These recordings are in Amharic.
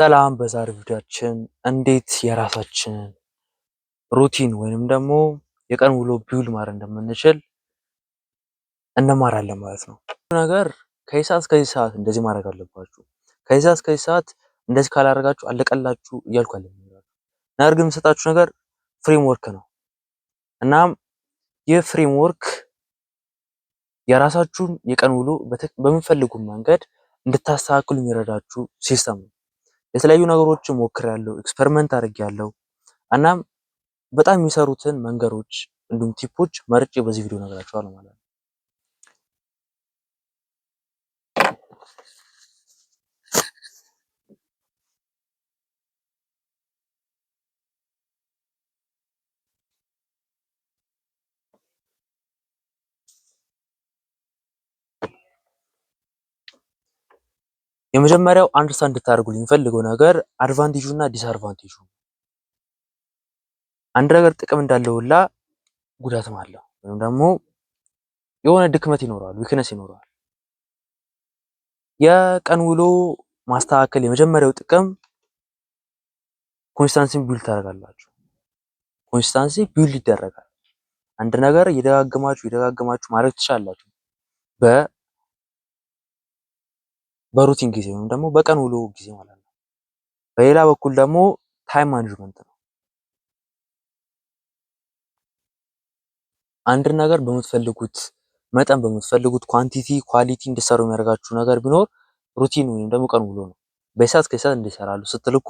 ሰላም በዛሬ ቪዲዮአችን እንዴት የራሳችንን ሩቲን ወይንም ደግሞ የቀን ውሎ ቢውል ማድረግ እንደምንችል እንማራለን ማለት ነው። ነገር ከዚህ ሰዓት እስከዚህ ሰዓት እንደዚህ ማድረግ አለባችሁ፣ ከዚህ ሰዓት እስከዚህ ሰዓት እንደዚህ ካላደረጋችሁ አለቀላችሁ እያልኩ አለ። ነገር ግን የምሰጣችሁ ነገር ፍሬምወርክ ነው። እናም ይህ ፍሬምወርክ የራሳችሁን የቀን ውሎ በምፈልጉ መንገድ እንድታስተካክሉ የሚረዳችሁ ሲስተም ነው። የተለያዩ ነገሮችን ሞክሬያለሁ፣ ኤክስፐሪመንት አድርጌያለሁ። እናም በጣም የሚሰሩትን መንገዶች እንዲሁም ቲፖች መርጬ በዚህ ቪዲዮ ነግራችኋለሁ ማለት ነው። የመጀመሪያው አንደርስታንድ እንድታደርጉልኝ የሚፈልገው ነገር አድቫንቴጁ እና ዲስአድቫንቴጁ አንድ ነገር ጥቅም እንዳለው ሁላ ጉዳትም አለው፣ ወይም ደግሞ የሆነ ድክመት ይኖረዋል፣ ዊክነስ ይኖረዋል። የቀን ውሎ ማስተካከል የመጀመሪያው ጥቅም ኮንስታንሲን ቢውል ታደርጋላችሁ። ኮንስታንሲ ቢውል ይደረጋል። አንድ ነገር የደጋግማችሁ የደጋግማችሁ ማድረግ ትችላላችሁ በ በሩቲን ጊዜ ወይም ደግሞ በቀን ውሎ ጊዜ ማለት ነው። በሌላ በኩል ደግሞ ታይም ማኔጅመንት ነው። አንድን ነገር በምትፈልጉት መጠን በምትፈልጉት ኳንቲቲ ኳሊቲ እንድሰሩ የሚያደርጋችሁ ነገር ቢኖር ሩቲን ወይም ደግሞ ቀን ውሎ ነው። በሰዓት ከሰዓት እንዲሰራሉ ስትል እኮ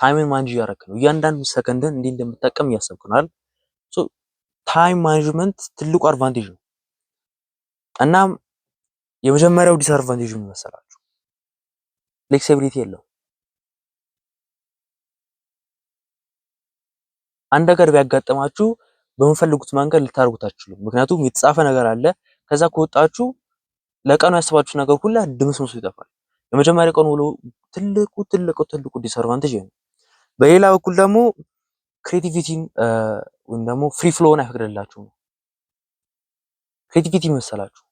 ታይምን ማኔጅ እያደረክ ነው። እያንዳንዱ ሰከንድን እንዴት እንደምትጠቀም እያሰብክ ሶ ታይም ማኔጅመንት ትልቁ አድቫንቴጅ ነው። እናም የመጀመሪያው ዲስአድቫንቴጅ ምን መሰላል? ፍሌክሲቢሊቲ የለው። አንድ ነገር ቢያጋጥማችሁ በምፈልጉት መንገድ ልታደርጉት አትችሉም። ምክንያቱም የተጻፈ ነገር አለ። ከዛ ከወጣችሁ ለቀኑ ያስባችሁ ነገር ሁላ ድምስምሱ ይጠፋል። የመጀመሪያ ቀን ውሎ ትልቁ ትልቁ ትልቁ ዲስአድቫንቴጅ ነው። በሌላ በኩል ደግሞ ክሬቲቪቲን ወይም ደግሞ ፍሪ ፍሎውን አይፈቅድላችሁ ነው። ክሬቲቪቲ መሰላችሁ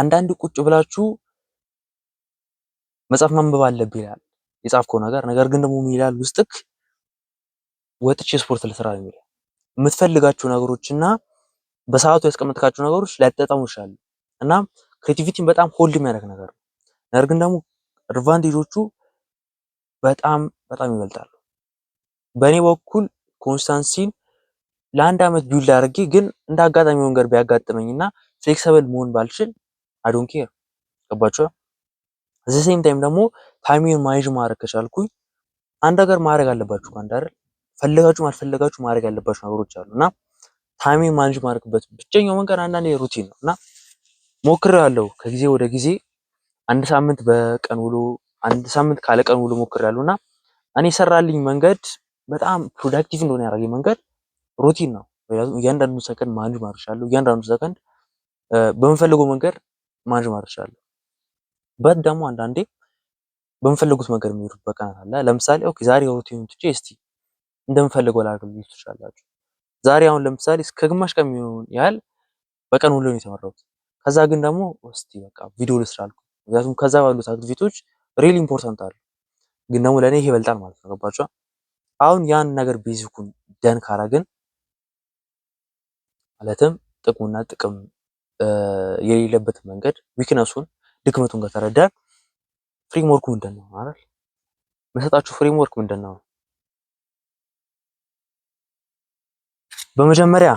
አንዳንድ ቁጭ ብላችሁ መጽሐፍ ማንበብ አለብህ ይላል የጻፍከው ነገር። ነገር ግን ደግሞ ምን ይላል ውስጥክ ወጥቼ ስፖርት ልስራ ነው የሚለው። የምትፈልጋቸው ነገሮችና በሰዓቱ ያስቀመጥካቸው ነገሮች ላይጠጠሙ ይችላሉ እና ክሬቲቪቲን በጣም ሆልድ የሚያደርግ ነገር ነው። ነገር ግን ደግሞ አድቫንቴጆቹ በጣም በጣም ይበልጣሉ። በእኔ በኩል ኮንስታንሲን ለአንድ ዓመት ቢውል አድርጌ ግን እንደ አጋጣሚ መንገድ ቢያጋጥመኝና ፍሌክሰብል መሆን ባልችል አይ ዶንት ኬር ዘሴም ታይም ደግሞ ታይሚን ማኔጅ ማድረግ ከቻልኩኝ አንድ ነገር ማድረግ አለባችሁ። አንድ አይደል ፈለጋችሁ አልፈለጋችሁ ማድረግ ያለባችሁ ነገሮች አሉ እና ታይሚን ማኔጅ ማድረግበት ብቸኛው መንገድ አንዳንዴ ሩቲን ነው እና ሞክሬያለሁ ከጊዜ ወደ ጊዜ አንድ ሳምንት በቀን ውሎ አንድ ሳምንት ካለ ቀን ውሎ ሞክሬያለሁ እና እኔ የሰራልኝ መንገድ በጣም ፕሮዳክቲቭ እንደሆነ ያደረገኝ መንገድ ሩቲን ነው። እያንዳንዱ ሰከንድ ማኔጅ ማድረግ እችላለሁ። እያንዳንዱ ሰከንድ በምፈልገው መንገድ ማኔጅ ማድረግ እችላለሁ። በት ደግሞ አንዳንዴ በምፈልጉት መንገድ የሚሄዱበት ቀን አለ። ለምሳሌ ኦኬ ዛሬ ሩቲን ትቼ እስቲ እንደምፈልገው ላድርግ ልትሉ ትችላላችሁ። ዛሬ አሁን ለምሳሌ እስከ ግማሽ ቀን የሚሆን ያህል በቀን ሁሉ ነው ከዛ ግን ደግሞ እስቲ በቃ ቪዲዮ ልስራ አልኩ። ምክንያቱም ከዛ ባሉት አክቲቪቲዎች ሪል ኢምፖርታንት አሉ፣ ግን ደግሞ ለእኔ ይሄ ይበልጣል ማለት ነው። ገባችኋል? አሁን ያን ነገር ቤዚኩን ደን ካረግን ማለትም ጥቅሙና ጥቅም የሌለበት መንገድ ዊክነሱን ድክመቱን ከተረዳን ፍሬምወርኩ ምንድን ነው አይደል? መሰጣችሁ ፍሬምወርክ ምንድን ነው? በመጀመሪያ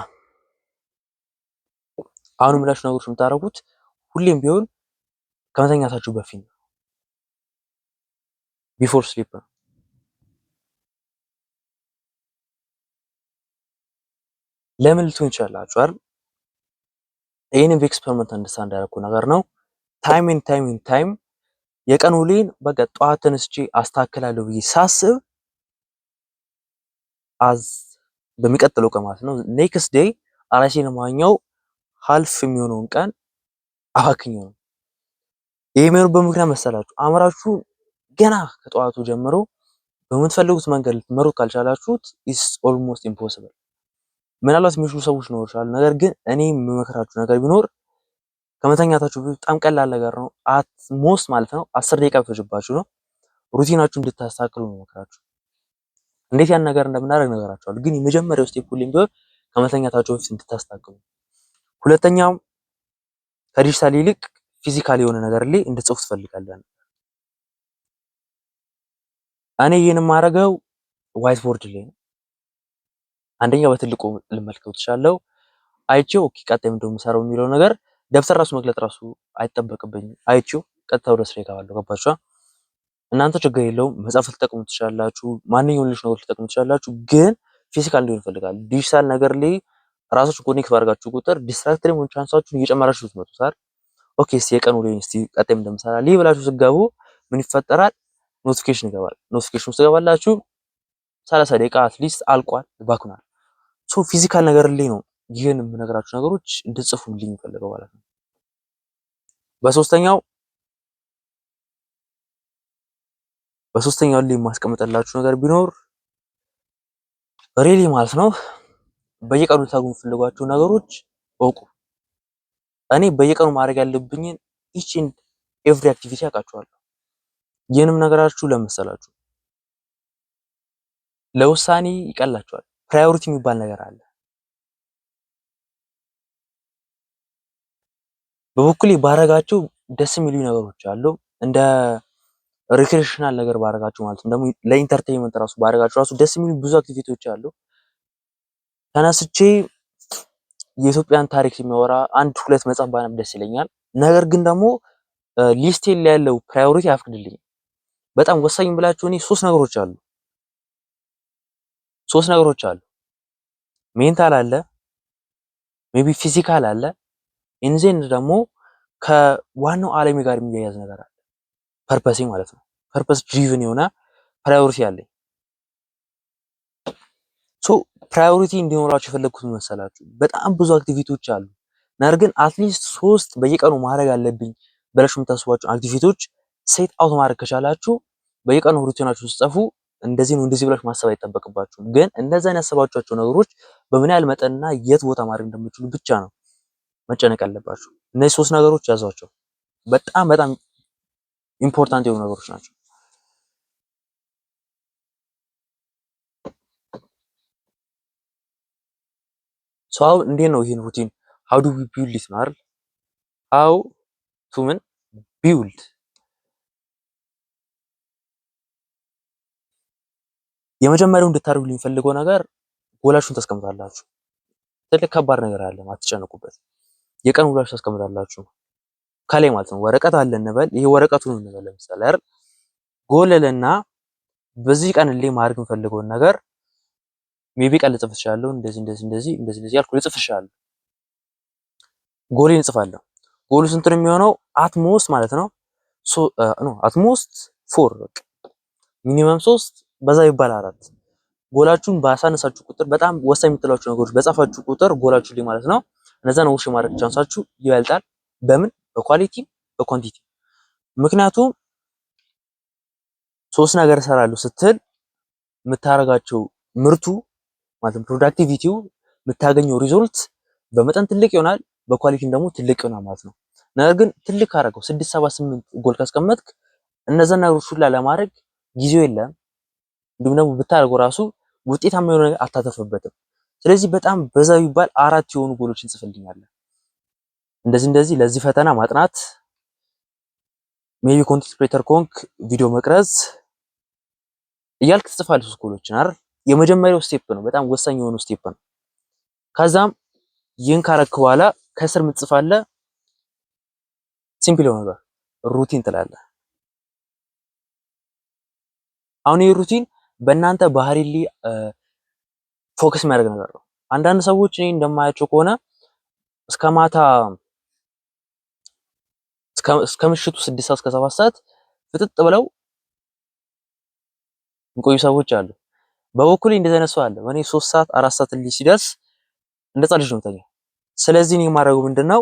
አሁን የምላችሁ ነገሮች የምታደርጉት ሁሌም ቢሆን ከመተኛታችሁ በፊት ነው። ቢፎር ስሊፕ ነው። ለምን ልትሆን ይችላላችሁ አይደል? ይህንም ኤክስፐሪመንት እንድሳ እንዳያደረግኩ ነገር ነው። ታይምን ታይምን ታይም የቀን ውሌን በቃ ጠዋት ተነስቼ አስተካክላለሁ ብዬ ሳስብ አዝ በሚቀጥለው ቀን ማለት ነው ኔክስት ዴይ አራሴን ማኛው ሀልፍ የሚሆነውን ቀን አባክኝ ነው። ይህ የሚሆኑ በምክንያት መሰላችሁ አእምሯችሁ ገና ከጠዋቱ ጀምሮ በምትፈልጉት መንገድ ልትመሩት ካልቻላችሁት ኢስ ኦልሞስት ኢምፖስብል። ምናልባት የሚችሉ ሰዎች ይኖሩ ይችላሉ። ነገር ግን እኔ የምመክራችሁ ነገር ቢኖር ከመተኛታችሁ በጣም ቀላል ነገር ነው። አት ሞስት ማለት ነው አስር ደቂቃ ብትወጅባችሁ ነው ሩቲናችሁ እንድታስተካክሉ መክራችሁ እንዴት ያን ነገር እንደምናደርግ ነገራችኋል። ግን የመጀመሪያው ስቴፕ ሁሌም ቢሆን ከመተኛታችሁ በፊት እንድታስተካክሉ፣ ሁለተኛው ከዲጂታል ይልቅ ፊዚካል የሆነ ነገር ላይ እንድጽፉ ትፈልጋለን። እኔ ይህን የማደርገው ዋይት ቦርድ ላይ ነው። አንደኛው በትልቁ ልመልከው ትችላለሁ አይቼው ኦኬ፣ ቀጣይ ምንድነው የምሰራው የሚለው ነገር ደብተር ራሱ መግለጥ ራሱ አይጠበቅብኝም። አይቼው ቀጥታ ወደ ስራ ይገባለሁ። ገባችኋ? እናንተ ችግር የለውም መጽሐፍ ልትጠቅሙ ትችላላችሁ። ማንኛውን ልጅ ነገር ልትጠቅሙ ትችላላችሁ። ግን ፊዚካል እንዲሆን ይፈልጋል። ዲጂታል ነገር ላይ ራሳችሁ ኮኔክት ባደርጋችሁ ቁጥር ዲስትራክት ሊሆን ቻንሳችሁን እየጨመራችሁ ትመጡ ሳር ኦኬ ስ የቀኑ ሊሆን ስ ቀጣይም እንደምሰራ ሊ ብላችሁ ስገቡ ምን ይፈጠራል? ኖቲፊኬሽን ይገባል። ኖቲፊኬሽን ውስጥ ገባላችሁ ሰላሳ ደቂቃ አትሊስት አልቋል፣ ይባክናል። ሶ ፊዚካል ነገር ላይ ነው ይህን የምነግራችሁ ነገሮች እንድጽፉልኝ ፈልገው ማለት ነው። በሶስተኛው በሶስተኛው ላይ የማስቀምጠላችሁ ነገር ቢኖር ሬሊ ማለት ነው በየቀኑ ልታገኙ ነገሮች እውቁ። እኔ በየቀኑ ማድረግ ያለብኝን ኢችን ኤቭሪ አክቲቪቲ አውቃችኋለሁ። ይህንም ነገራችሁ ለመሰላችሁ ለውሳኔ ይቀላችኋል። ፕራዮሪቲ የሚባል ነገር አለ። በበኩሌ ባረጋቸው ደስ የሚሉ ነገሮች አሉ። እንደ ሪክሬሽናል ነገር ባረጋቸው ማለት ነው። ደግሞ ራሱ ባረጋቸው ራሱ ደስ የሚሉ ብዙ አክቲቪቲዎች አሉ። ተነስቼ የኢትዮጵያን ታሪክ የሚያወራ አንድ ሁለት መጽሐፍ ባነብ ደስ ይለኛል። ነገር ግን ደግሞ ሊስቴ ላይ ያለው ፕራዮሪቲ አያፍቅድልኝም። በጣም ወሳኝ ብላችሁ እኔ ሶስት ነገሮች አሉ ሶስት ነገሮች አሉ። ሜንታል አለ፣ ሜቢ ፊዚካል አለ፣ ኢንዜንድ ደግሞ ከዋናው ዓለም ጋር የሚያያዝ ነገር አለ። ፐርፐሴ ማለት ነው። ፐርፐስ ድሪቭን የሆነ ፕራዮሪቲ አለኝ። ሶ ፕራዮሪቲ እንዲኖራችሁ የፈለግኩት መሰላችሁ? በጣም ብዙ አክቲቪቲዎች አሉ። ነገር ግን አትሊስት ሶስት በየቀኑ ማድረግ አለብኝ ብላችሁ የምታስቧቸው አክቲቪቲዎች ሴት አውት ማድረግ ከቻላችሁ በየቀኑ ሩቲናችሁን ስጽፉ እንደዚህ ነው እንደዚህ ብላችሁ ማሰብ አይጠበቅባችሁም። ግን እንደዛ ያሰባችኋቸው ነገሮች በምን ያህል መጠንና የት ቦታ ማድረግ እንደምችሉ ብቻ ነው መጨነቅ ያለባችሁ እነዚህ ሶስት ነገሮች ያዟቸው። በጣም በጣም ኢምፖርታንት የሆኑ ነገሮች ናቸው። ሰው እንዴት ነው ይህን ሩቲን ሃው ዱ ዊ ቢውልድ ኢት ማለት ሃው ቱ ምን ቢውልድ የመጀመሪያው እንድታደርጉልኝ የሚፈልገው ነገር ጎላችሁን ታስቀምጣላችሁ። ትልቅ ከባድ ነገር አለ፣ አትጨነቁበት። የቀን ውላችሁ ታስቀምጣላችሁ ከላይ ማለት ነው። ወረቀት አለ እንበል፣ ይሄ ወረቀቱ ነው እንበል ለምሳሌ አይደል፣ ጎለለና በዚህ ቀን ላይ ማድረግ የምፈልገውን ነገር ሜቢ ቀን ልጽፍ እችላለሁ። እንደዚህ እንደዚህ እንደዚህ እንደዚህ እንደዚህ አልኩ ልጽፍ እችላለሁ። ጎሌን እጽፋለሁ። ጎሉ ስንት ነው የሚሆነው? አትሞስት ማለት ነው ሶ ኖ አትሞስት ፎር ሚኒመም ሶስት በዛ ይባል አራት። ጎላችሁን ባሳነሳችሁ ቁጥር በጣም ወሳኝ የምትሏችሁ ነገሮች በጻፋችሁ ቁጥር ጎላችሁ ላይ ማለት ነው እነዛን ውሽ ማድረግ ቻንሳችሁ ይበልጣል። በምን በኳሊቲ በኳንቲቲ። ምክንያቱም ሶስት ነገር እሰራለሁ ስትል የምታረጋቸው ምርቱ ማለት ፕሮዳክቲቪቲው የምታገኘው ሪዞልት በመጠን ትልቅ ይሆናል፣ በኳሊቲም ደግሞ ትልቅ ይሆናል ማለት ነው። ነገር ግን ትልቅ አረገው ስድስት ሰባ ስምንት ጎል ካስቀመጥክ እነዛን ነገሮች ሁላ ለማድረግ ጊዜው የለም። እንዲሁም ደግሞ ብታደርገው ራሱ ውጤታማ የሆነ አታተርፍበትም። ስለዚህ በጣም በዛ ቢባል አራት የሆኑ ጎሎችን ጽፍልኛለን። እንደዚህ እንደዚህ ለዚህ ፈተና ማጥናት ሜቢ ኮንቴንት ክሬተር ኮንክ ቪዲዮ መቅረጽ እያልክ ትጽፋለህ። ሶስት ጎሎችን አይደል? የመጀመሪያው ስቴፕ ነው፣ በጣም ወሳኝ የሆነው ስቴፕ ነው። ከዛም ይህን ካረክ በኋላ ከስር ምትጽፋለህ ሲምፕል የሆነ ነገር ሩቲን ትላለህ። አሁን ይህ ሩቲን በእናንተ ባህሪ ፎከስ የሚያደርግ ነገር ነው። አንዳንድ ሰዎች እኔ እንደማያቸው ከሆነ እስከ ማታ እስከ ምሽቱ ስድስት ሰዓት እስከ ሰባት ሰዓት ፍጥጥ ብለው የሚቆዩ ሰዎች አሉ። በበኩሌ እንደዚህ አይነት ሰው አለ። እኔ ሶስት ሰዓት አራት ሰዓት ልጅ ሲደርስ እንደዛ ልጅ ነው ተኛ። ስለዚህ እኔ የማደርገው ምንድነው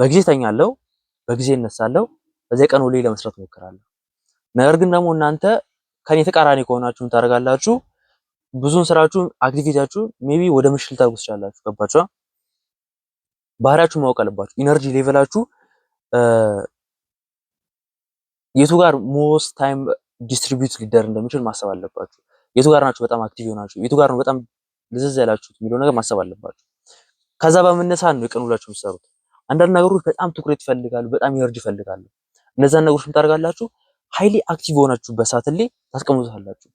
በጊዜ ተኛለሁ፣ በጊዜ እነሳለሁ፣ በዚያ ቀን ውሎ ለመስራት እሞክራለሁ። ነገር ግን ደግሞ እናንተ ከኔ ተቃራኒ ከሆናችሁ ታደርጋላችሁ። ብዙን ስራችሁን አክቲቪቲያችሁን ሜቢ ወደ ምሽልታ ትወስዳላችሁ። ገባችኋ? ባህሪያችሁን ማወቅ አለባችሁ። ኢነርጂ ሌቨላችሁ የቱ ጋር ሞስት ታይም ዲስትሪቢዩት ሊደር እንደሚችል ማሰብ አለባችሁ። የቱ ጋር ናችሁ በጣም አክቲቭ ሆናችሁ፣ የቱ ጋር ነው በጣም ልዝዝ ያላችሁት የሚለው ነገር ማሰብ አለባችሁ። ከዛ በመነሳት ነው የቀኑላችሁ ውላችሁ የምትሰሩት። አንዳንድ ነገሮች በጣም ትኩረት ይፈልጋሉ፣ በጣም ኢነርጂ ይፈልጋሉ። እነዛን ነገሮች የምታደርጋላችሁ ሃይሊ አክቲቭ የሆናችሁበት ሰዓት ላይ ታስቀምጡታላችሁ።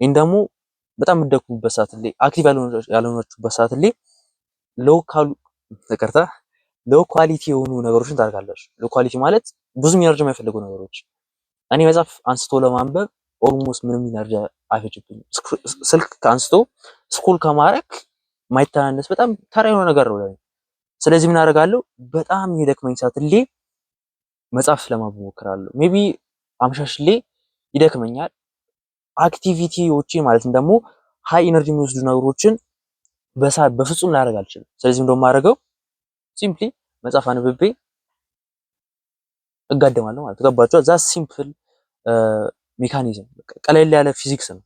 ይህን ደግሞ በጣም የምትደክሙበት ሰዓት ላይ አክቲቭ ያልሆናችሁበት ሰዓት ላይ ሎው ካሉ ተቀርታ ሎው ኳሊቲ የሆኑ ነገሮችን ታደርጋለች። ሎው ኳሊቲ ማለት ብዙ ኢነርጂ የማይፈልጉ ነገሮች። እኔ መጽሐፍ አንስቶ ለማንበብ ኦልሞስት ምንም ኢነርጂ አይፈጅብኝም። ስልክ ከአንስቶ ስኩል ከማድረግ ማይተናነስ በጣም ተራ የሆነ ነገር ነው ስለዚህ ምን አደርጋለሁ? በጣም የደክመኝ ሰዓት ላይ መጽሐፍ ለማንበብ ሞክራለሁ። ሜቢ አምሻሽ ላይ ይደክመኛል አክቲቪቲዎቼ ማለትም ደግሞ ሀይ ኢነርጂ የሚወስዱ ነገሮችን በሰዓት በፍጹም ላደርግ አልችልም። ስለዚህ እንደውም ማድረገው ሲምፕሊ መጽሐፍ አንብቤ እጋደማለሁ ማለት ገባችኋል? ዛ ሲምፕል ሜካኒዝም ቀለል ያለ ፊዚክስ ነው።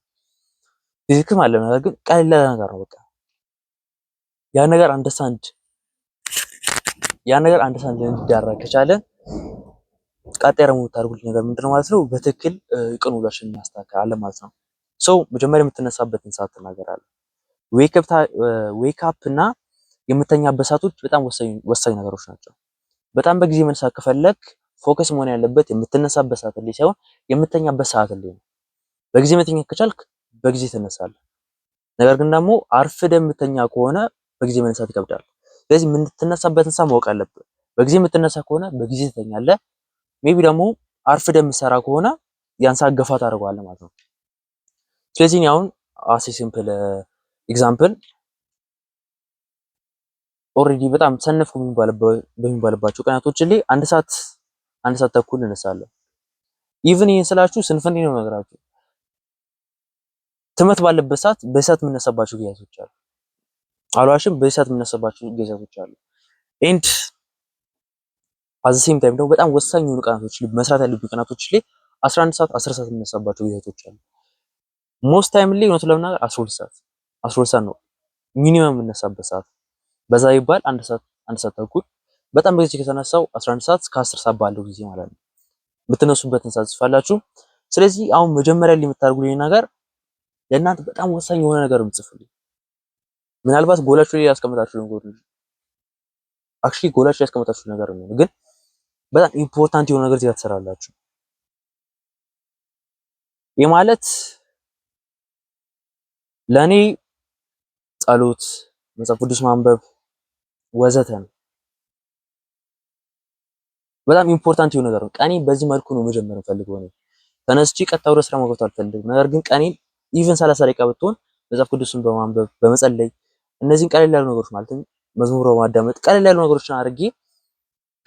ፊዚክስ ማለት ነገር ግን ቀለል ያለ ነገር ነው። በቃ ያ ነገር አንደርስታንድ ያ ነገር አንደርስታንድ እንዲዳረግ ከቻለ ቀጣይ ደግሞ የምታደርጉት ነገር ምንድነው ማለት ነው? በትክክል ቀን ውሏችን እናስተካክል አለ ማለት ነው። ሶ መጀመሪያ የምትነሳበትን ሰዓት ትናገራለህ። ዌክ አፕ እና የምተኛበት ሰዓቶች በጣም ወሳኝ ነገሮች ናቸው። በጣም በጊዜ መነሳት ከፈለክ ፎከስ መሆን ያለበት የምትነሳበት ሰዓት ላይ ሳይሆን የምተኛበት ሰዓት ላይ ነው። በጊዜ መተኛት ከቻልክ በጊዜ ትነሳለህ። ነገር ግን ደግሞ አርፍደ የምተኛ ከሆነ በጊዜ መነሳት ይከብዳል። ስለዚህ የምትነሳበትን ሰዓት ማወቅ አለብህ። በጊዜ የምትነሳ ከሆነ በጊዜ ትተኛለህ። ሜቢ ደግሞ አርፍደ የምትሰራ ከሆነ ያንሳ ሰዓት ገፋ ታደርገዋለህ ማለት ነው። ስለዚህ እኔ አሁን አሴ ሲምፕል ኤግዛምፕል ኦልሬዲ በጣም ሰነፍኩ በሚባልባቸው ቀናቶች ላይ አንድ ሰዓት አንድ ሰዓት ተኩል እነሳለሁ። ኢቭን ይህን ስላችሁ ስንፍን ነው ነገራችሁ። ትመት ባለበት ሰዓት በሰዓት የምነሳባቸው ጊዜያቶች አሉ። አሏሽም በሰዓት የምነሳባቸው ጊዜያቶች አሉ ኤንድ አዘሴም ታይም ደግሞ በጣም ወሳኝ የሆኑ ቀናቶች መስራት ያለብን ቀናቶች ላይ 11 ሰዓት 10 ሰዓት የምነሳባቸው ጊዜቶች አሉ። ሞስት ታይም ላይ እውነቱን ለመናገር 12 ሰዓት 12 ሰዓት ነው ሚኒመም የምነሳበት ሰዓት። በዛ ይባል አንድ ሰዓት አንድ ሰዓት ተኩል በጣም በዚህ ከተነሳው 11 ሰዓት እስከ 10 ሰዓት ባለው ጊዜ ማለት ነው የምትነሱበትን ሰዓት ጽፋላችሁ። ስለዚህ አሁን መጀመሪያ ላይ የምታደርጉልኝ ነገር ለእናንተ በጣም ወሳኝ የሆነ ነገር የምትጽፉልኝ ምናልባት ጎላችሁ ላይ ያስቀመጣችሁ ነገር ነው። አክቹሊ ጎላችሁ ያስቀመጣችሁ ነገር ነው ግን በጣም ኢምፖርታንት የሆነ ነገር እዚህ ትሰራላችሁ። ይህ ማለት ለእኔ ጸሎት፣ መጽሐፍ ቅዱስ ማንበብ ወዘተ ነው። በጣም ኢምፖርታንት የሆነ ነገር ነው። ቀኔ በዚህ መልኩ ነው መጀመር የምፈልገው ነው። ተነስቼ ቀጥታ ወደ ስራ መግባት አልፈልግም። ነገር ግን ቀኔ ኢቭን 30 ደቂቃ ብትሆን መጽሐፍ ቅዱስን በማንበብ በመጸለይ እነዚህን ቀለል ያሉ ነገሮች ማለት መዝሙር በማዳመጥ ቀለል ያሉ ነገሮችን አድርጌ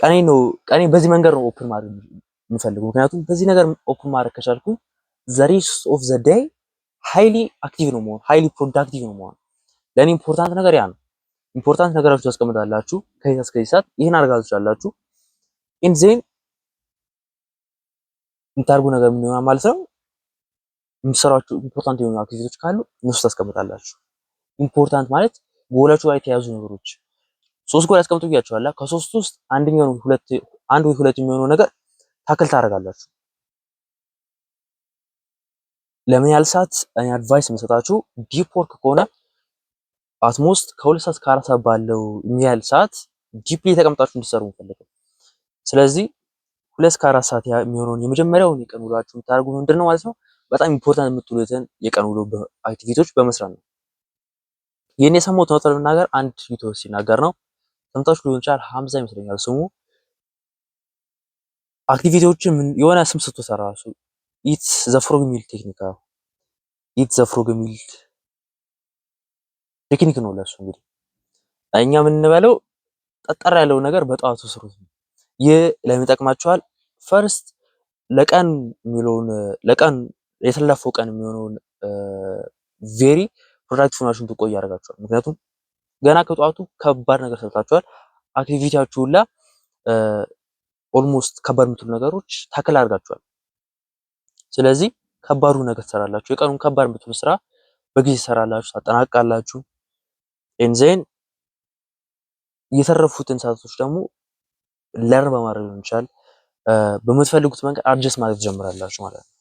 ቀኔ ነው ቀኔ በዚህ መንገድ ነው ኦፕን ማድረግ የምፈልገው። ምክንያቱም በዚህ ነገር ኦፕን ማድረግ ከቻልኩ ዘ ኦፍ ዘ ዴይ ሃይሊ አክቲቭ ነው መሆን፣ ሃይሊ ፕሮዳክቲቭ ነው መሆን። ለእኔ ኢምፖርታንት ነገር ያ ነው። ኢምፖርታንት ነገራችሁ ታስቀምጣላችሁ። ከዚህ እስከዚህ ሰዓት ይህን አድርጋችሁ አላችሁ ኢንዜን የምታደርጉ ነገር ምን ይሆናል ማለት ነው። የምትሰሯቸው ኢምፖርታንት የሆኑ አክቲቪቲዎች ካሉ እነሱ ታስቀምጣላችሁ። ኢምፖርታንት ማለት ጎላችሁ ላይ የተያዙ ነገሮች ሶስት ጎል ያስቀምጡ ብያችኋለሁ። ከሶስቱ ውስጥ አንደኛው ሁለት አንድ ወይ ሁለት የሚሆነው ነገር ታክል ታደርጋላችሁ። ለምን ያህል ሰዓት እኔ አድቫይስ የምሰጣችሁ ዲፕ ወርክ ከሆነ አትሞስት ከሁለት ሰዓት ከአራት ሰዓት ባለው የሚያህል ሰዓት ዲፕሊ ተቀምጣችሁ እንዲሰሩ እንፈልገው። ስለዚህ ሁለት እስከ አራት ሰዓት የሚሆነውን የመጀመሪያውን የቀን ውሏችሁ የምታደርጉ ምንድን ነው ማለት ነው በጣም ኢምፖርታንት የምትሉትን የቀን ውሎ አክቲቪቲዎች በመስራት ነው። ይህን የሰማሁት እውነት ለመናገር አንድ ዩቲዩበር ሲናገር ነው ሰምታችሁ ሊሆን ይችላል። ሀምዛ ይመስለኛል ስሙ። አክቲቪቲዎችን የሆነ ስም ስትሰራ እራሱ ኢት ዘፍሮግ ሚል ቴክኒክ ነው። ኢት ዘፍሮግ ሚል ቴክኒክ ነው ለሱ እንግዲህ እኛ የምንበለው ጠጠር ያለው ነገር በጠዋቱ ስሩት ነው። ይህ ለምን ፈርስት ለቀን የሚለውን ለቀን የተለፈው ቀን የሚሆነውን ቬሪ ፕሮዳክቲቭ ናችሁን ትቆይ ያደርጋችኋል። ምክንያቱም ገና ከጠዋቱ ከባድ ነገር ሰርታችኋል። አክቲቪቲያችሁ ሁላ ኦልሞስት ከባድ የምትሉ ነገሮች ታክል አድርጋችኋል። ስለዚህ ከባዱ ነገር ትሰራላችሁ። የቀኑን ከባድ የምትሉ ስራ በጊዜ ትሰራላችሁ፣ ታጠናቃላችሁ። ኤንዜን የተረፉትን ሰዓቶች ደግሞ ለርን በማድረግ ሊሆን ይችላል በምትፈልጉት መንገድ አድጀስት ማድረግ ትጀምራላችሁ ማለት ነው።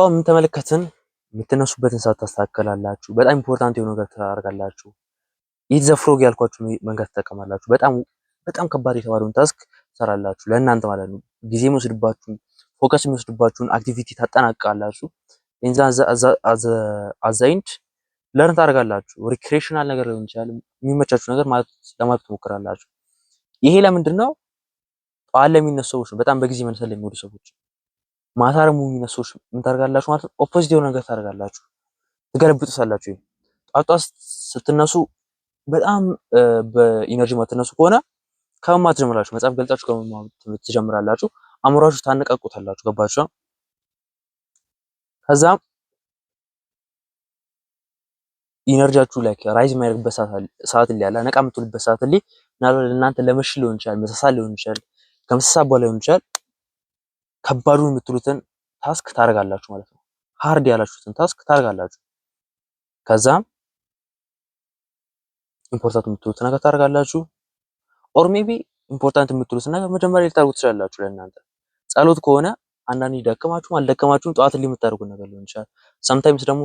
እሷ የምተመለከትን የምትነሱበትን ሰዓት ታስተካከላላችሁ። በጣም ኢምፖርታንት የሆነ ነገር ታደርጋላችሁ። ይህ ዘፍሮግ ያልኳችሁ መንገድ ትጠቀማላችሁ። በጣም በጣም ከባድ የተባለውን ታስክ ትሰራላችሁ ለእናንተ ማለት ነው። ጊዜ የሚወስድባችሁን ፎከስ የሚወስድባችሁን አክቲቪቲ ታጠናቅቃላችሁ። እንዛ አዛይንድ ለርን ታደርጋላችሁ። ሪክሬሽናል ነገር ሊሆን ይችላል፣ የሚመቻችሁ ነገር ማለት ለማለት ትሞክራላችሁ። ይሄ ለምንድን ነው? ጠዋት ለሚነሱ ሰዎች ነው። በጣም በጊዜ መነሳት ለሚወዱ ሰዎች ነው። ማታረሙ የሚነሱ ሰዎች ምን ታደርጋላችሁ ማለት ነው? ኦፖዚት የሆነ ነገር ታደርጋላችሁ፣ ትገለብጡታላችሁ። ጧጧት ስትነሱ በጣም በኢነርጂ ማትነሱ ከሆነ ከመማር ትጀምራላችሁ። መጽሐፍ ገልጻችሁ ከመማር ትጀምራላችሁ። አእምሯችሁ ታነቃቁታላችሁ። ገባችሁ? ከዛም ኢነርጂያችሁ ላይ ራይዝ የሚያደርግበት ሰዓት ላይ ያለ ነቃ የምትሉበት ሰዓት ላይ እናንተ ለመሽ ሊሆን ይችላል፣ መሳሳል ሊሆን ይችላል፣ ከምሳሳት በኋላ ሊሆን ይችላል ከባዱ የምትሉትን ታስክ ታደርጋላችሁ ማለት ነው። ሃርድ ያላችሁትን ታስክ ታደርጋላችሁ። ከዛም ኢምፖርታንት የምትሉት ነገር ታደርጋላችሁ። ኦር ሜቢ ኢምፖርታንት የምትሉት ነገር መጀመሪያ ልታደርጉ ትችላላችሁ። ለእናንተ ጸሎት ከሆነ አንዳንድ ይደከማችሁም አልደከማችሁም ጠዋት ላይ የምታደርጉ ነገር ሊሆን ይችላል። ሰምታይምስ ደግሞ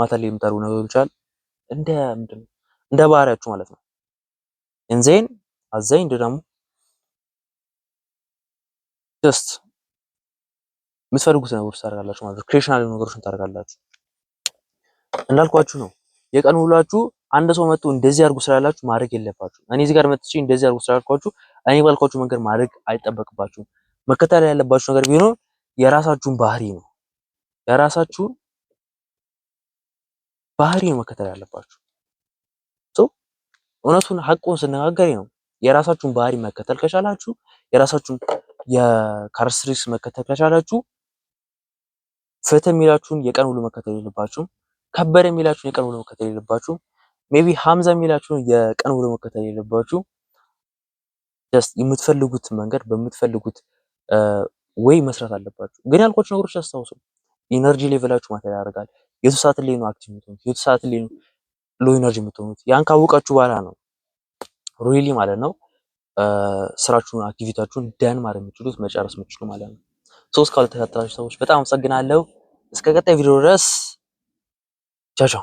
ማታ ላይ የምታደርጉ ነገር ሊሆን ይችላል። እንደ ምንድን እንደ ባህሪያችሁ ማለት ነው። እንዘይን አዘይንድ ደግሞ ጀስት የምትፈልጉት ነገሮች ታደርጋላችሁ ማለት ነው። ክሬሽናል ነገሮችን ታደርጋላችሁ። እንዳልኳችሁ ነው የቀን ውሏችሁ አንድ ሰው መጥቶ እንደዚህ አድርጉ ስላላችሁ ማድረግ የለባችሁ። እኔ እዚህ ጋር መጥቼ እንደዚህ አድርጉ ስላልኳችሁ እኔ ባልኳችሁ መንገድ ማድረግ አይጠበቅባችሁም። መከተል ያለባችሁ ነገር ቢኖር የራሳችሁን ባህሪ ነው። የራሳችሁን ባህሪ ነው መከተል ያለባችሁ። እውነቱን ሐቁን ስነጋገር ነው። የራሳችሁን ባህሪ መከተል ከቻላችሁ የራሳችሁን የካራክተሪስቲክስ መከተል ከቻላችሁ ፍትህ የሚላችሁን የቀን ውሎ መከተል የለባችሁም። ከበደ የሚላችሁን የቀን ውሎ መከተል የለባችሁም። ሜቢ ሀምዛ የሚላችሁን የቀን ውሎ መከተል የለባችሁም። ጀስት የምትፈልጉት መንገድ በምትፈልጉት ወይ መስራት አለባችሁ። ግን ያልኳችሁ ነገሮች ያስታውሱ። ኢነርጂ ሌቨላችሁ ማተር ያደርጋል። የቱ ሰዓት ላይ ነው አክቲቭ የምትሆኑት? የቱ ሰዓት ላይ ነው ሎ ኢነርጂ የምትሆኑት? ያን ካወቃችሁ በኋላ ነው ሪሊ ማለት ነው ስራችሁን አክቲቪታችሁን ደን ማድረግ የምችሉት መጨረስ የምችሉ ማለት ነው። ሶስት ካሉ ሰዎች በጣም አመሰግናለሁ። እስከ ቀጣይ ቪዲዮ ድረስ ቻው ቻው።